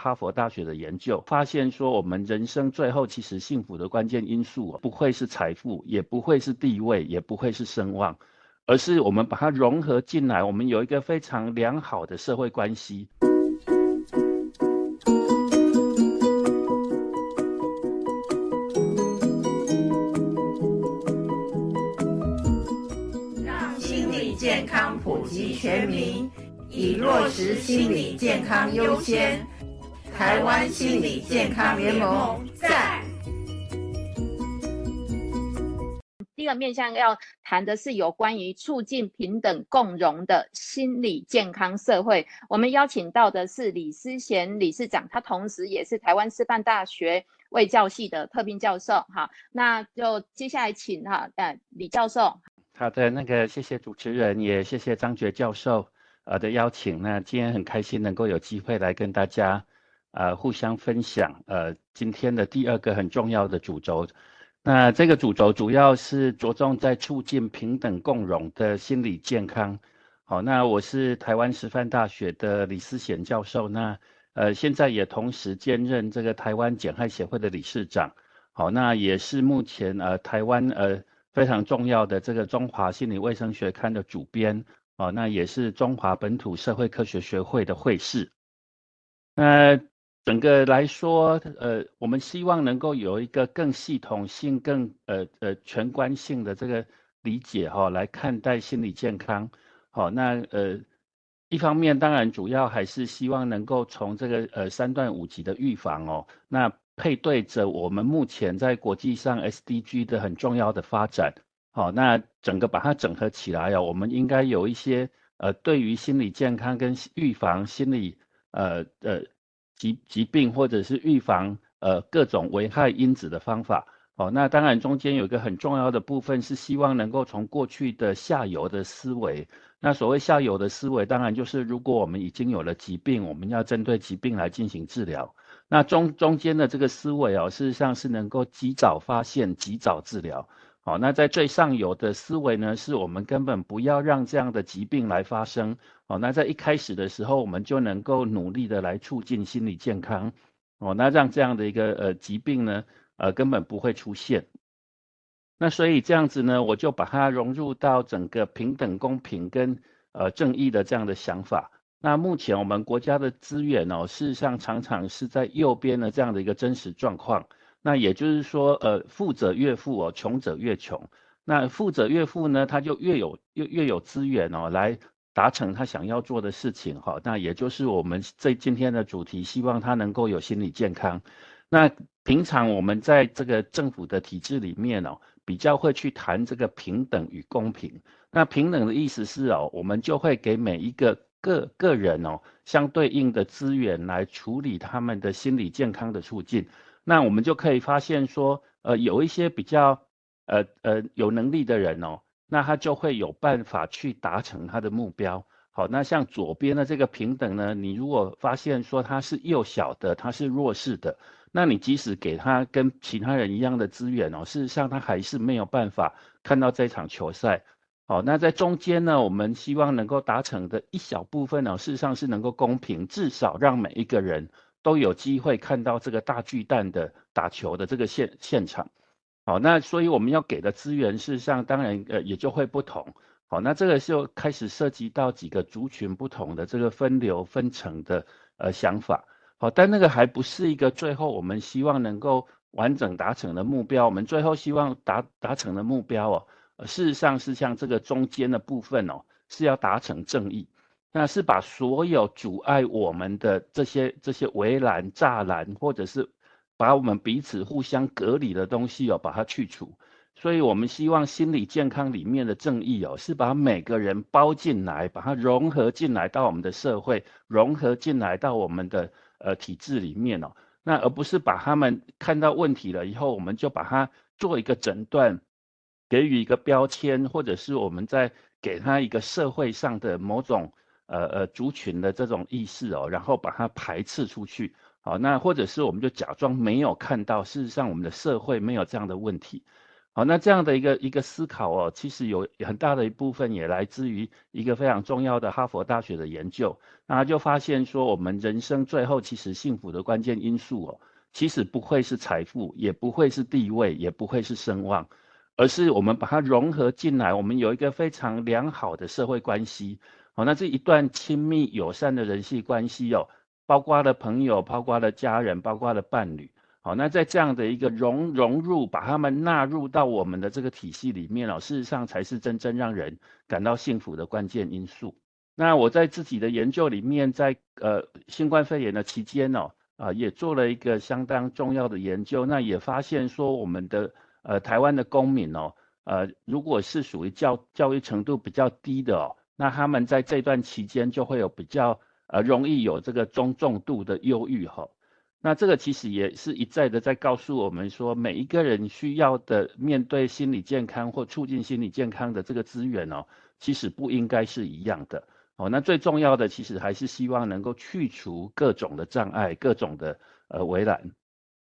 哈佛大學的研究發現，說我們人生最後其實幸福的關鍵因素，啊，不會是財富，也不會是地位，也不會是聲望，而是我們把它融合進來，我們有一個非常良好的社會關係。讓心理健康普及全民，以落實心理健康優先。台灣心理健康聯盟在。第二個面向要談的是有關於促進平等共融的心理健康社會。我們邀請到的是李思賢理事長，他同時也是台灣師範大學衛教系的特聘教授。好，那就接下來請哈呃李教授。好的，那個謝謝主持人，也謝謝張珏教授呃的邀請。那今天很開心能夠有機會來跟大家。呃，互相分享。呃，今天的第二個很重要的主軸，那這個主軸主要是着重在促進平等共融的心理健康。好，那我是台灣師範大學的李思賢教授，那呃，現在也同時兼任這個台灣減害協會的理事長。好，那也是目前呃台灣呃非常重要的這個中華心理衛生學刊的主編。好、哦，那也是中華本土社會科學學會的會士。那。整個來說，呃，我們希望能夠有一個更系統性、更呃呃全觀性的這個理解哈、哦，來看待心理健康。好、哦，那呃，一方面當然主要還是希望能夠從這個呃三段五級的預防哦，那配對着我們目前在國際上 SDG 的很重要的發展，好、哦，那整個把它整合起來呀、哦，我們應該有一些呃對於心理健康跟預防心理呃呃。呃疾疾病或者是預防呃各種危害因子的方法哦，那當然中間有一個很重要的部分是希望能夠從過去的下游的思維，那所謂下游的思維，當然就是如果我們已經有了疾病，我們要針對疾病來進行治療，那中中間的這個思維哦，事實上是能夠及早發現，及早治療。哦，那在最上游的思維呢，是我們根本不要讓這樣的疾病來發生。哦，那在一開始的時候，我們就能夠努力的來促進心理健康。哦，那讓這樣的一個呃疾病呢，呃根本不會出現。那所以這樣子呢，我就把它融入到整個平等、公平跟呃正義的這樣的想法。那目前我們國家的資源哦，事實上常常是在右邊的這樣的一個真實狀況。那也就是說，呃，富者越富哦，窮者越窮。那富者越富呢，他就越有越越有資源哦，來達成他想要做的事情哈。那也就是我們在今天的主題，希望他能夠有心理健康。那平常我們在這個政府的體制裡面哦，比較會去談這個平等與公平。那平等的意思是哦，我們就會給每一個個個人哦，相對應的資源來處理他們的心理健康的促進。那我們就可以發現說，呃，有一些比較，呃呃有能力的人哦，那他就會有辦法去達成他的目標。好，那像左邊的這個平等呢，你如果發現說他是幼小的，他是弱勢的，那你即使給他跟其他人一樣的資源哦，事實上他還是沒有辦法看到這場球賽。好，那在中間呢，我們希望能夠達成的一小部分呢、哦，事實上是能夠公平，至少讓每一個人。都有機會看到這個大巨蛋的打球的這個現現場，好，那所以我們要給的資源，事實上當然呃也就會不同，好，那這個時候開始涉及到幾個族群不同的這個分流分層的呃想法，好，但那個還不是一個最後我們希望能夠完整達成的目標，我們最後希望達達成的目標哦，事實上是像這個中間的部分哦，是要達成正義。那是把所有阻礙我們的這些這些圍欄、柵欄，或者是把我們彼此互相隔離的東西哦，把它去除。所以，我們希望心理健康裡面的正義哦，是把每個人包進來，把它融合進來到我們的社會，融合進來到我們的呃體制裡面哦。那而不是把他們看到問題了以後，我們就把它做一個診斷，給予一個標籤，或者是我們再給他一個社會上的某種。呃呃，族群的這種意識哦，然後把它排斥出去，好、哦，那或者是我們就假裝沒有看到，事實上我們的社會沒有這樣的問題，好、哦，那這樣的一個一個思考哦，其實有很大的一部分也來自於一個非常重要的哈佛大學的研究，那就發現說我們人生最後其實幸福的關鍵因素哦，其實不會是財富，也不會是地位，也不會是聲望，而是我們把它融合進來，我們有一個非常良好的社會關係。哦，那這一段親密友善的人際關係哦，包括了朋友，包括了家人，包括了伴侶。好，哦，那在這樣的一個融融入，把他們納入到我們的這個體系裡面哦，事實上才是真正讓人感到幸福的關鍵因素。那我在自己的研究裡面在，在呃新冠肺炎的期間啊、哦呃，也做了一個相當重要的研究，那也發現說我們的呃台灣的公民哦，呃如果是屬於教教育程度比較低的哦。那他們在這段期間就會有比較呃，容易有這個中重度的憂鬱哈，那這個其實也是一再的在告訴我們說，每一個人需要的面對心理健康或促進心理健康的這個資源哦，其實不應該是一樣的哦。那最重要的其實還是希望能夠去除各種的障礙、各種的呃圍欄。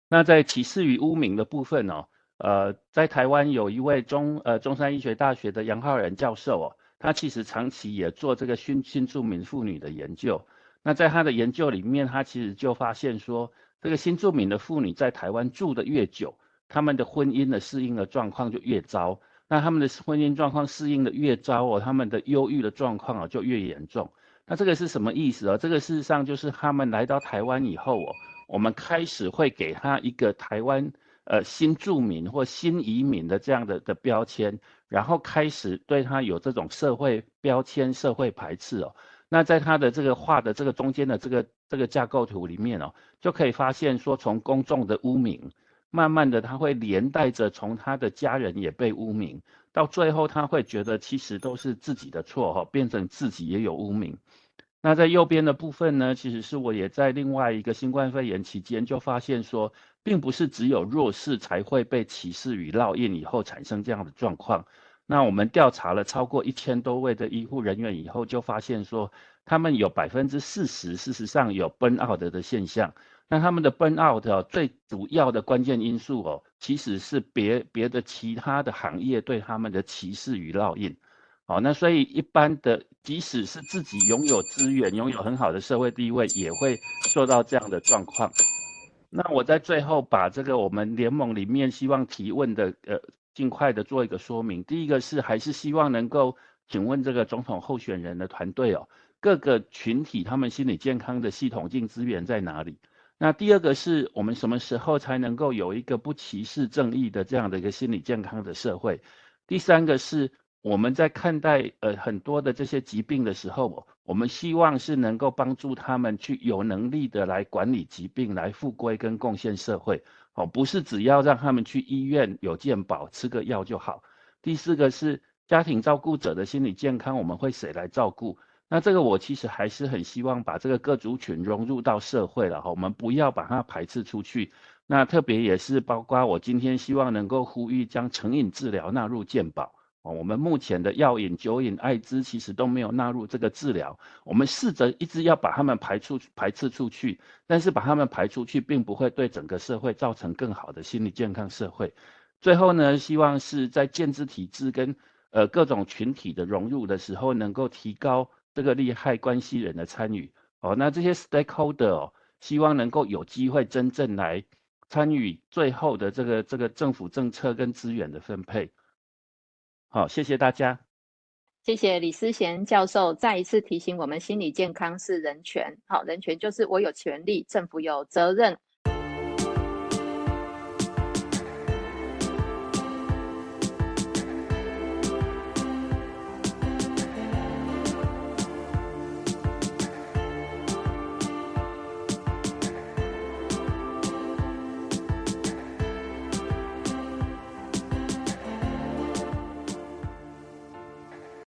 那在歧視與汙名的部分哦，呃，在台灣有一位中呃中山醫學大學的楊浩然教授哦。他其實長期也做這個新新住民婦女的研究，那在他的研究裡面，他其實就發現說，這個新住民的婦女在台灣住得越久，他們的婚姻的適應的狀況就越糟。那他們的婚姻狀況適應的越糟哦，他們的憂鬱的狀況啊就越嚴重。那這個是什麼意思啊？這個事實上就是他們來到台灣以後哦，我們開始會給他一個台灣。呃，新住民或新移民的這樣的的標籤，然後開始對他有這種社會標籤、社會排斥哦。那在他的這個畫的這個中間的這個這個架構圖裡面哦，就可以發現說，從公眾的污名，慢慢的他會連帶着從他的家人也被污名，到最後他會覺得其實都是自己的錯哈、哦，變成自己也有污名。那在右邊的部分呢，其實是我也在另外一個新冠肺炎期間就發現說。並不是只有弱勢才會被歧視與烙印，以後產生這樣的狀況。那我們調查了超過一千多位的醫護人員以後，就發現說，他們有百分之四十，事實上有 burn out 的現象。那他們的 burn out 最主要的關鍵因素哦，其實是別別的其他的行業對他們的歧視與烙印。好，那所以一般的，即使是自己擁有資源、擁有很好的社會地位，也會受到這樣的狀況。那我在最後把這個我們聯盟裡面希望提問的，呃，盡快的做一個說明。第一個是還是希望能夠請問這個總統候選人的團隊哦，各個群體他們心理健康的系統性資源在哪裡？那第二個是我們什麼時候才能夠有一個不歧視正義的這樣的一個心理健康的社會？第三個是。我們在看待呃很多的這些疾病的時候，我們希望是能夠幫助他們去有能力的來管理疾病，來復歸跟貢獻社會，哦，不是只要讓他們去醫院有健保吃個藥就好。第四個是家庭照顧者的心理健康，我們會誰來照顧？那這個我其實還是很希望把這個各族群融入到社會了哈，我們不要把它排斥出去。那特別也是包括我今天希望能夠呼籲將成癮治療納入健保。哦，我們目前的藥癮、酒癮、艾滋其實都沒有納入這個治療。我們試着一直要把他們排出、排斥出去，但是把他們排出去，並不會對整個社會造成更好的心理健康社會。最後呢，希望是在建制體制跟呃各種群體的融入的時候，能夠提高這個利害關係人的參與。哦，那這些 stakeholder，哦，希望能夠有機會真正來參與最後的這個這個政府政策跟資源的分配。好，謝謝大家。謝謝李思賢教授再一次提醒我們，心理健康是人權。好，人權就是我有權利，政府有責任。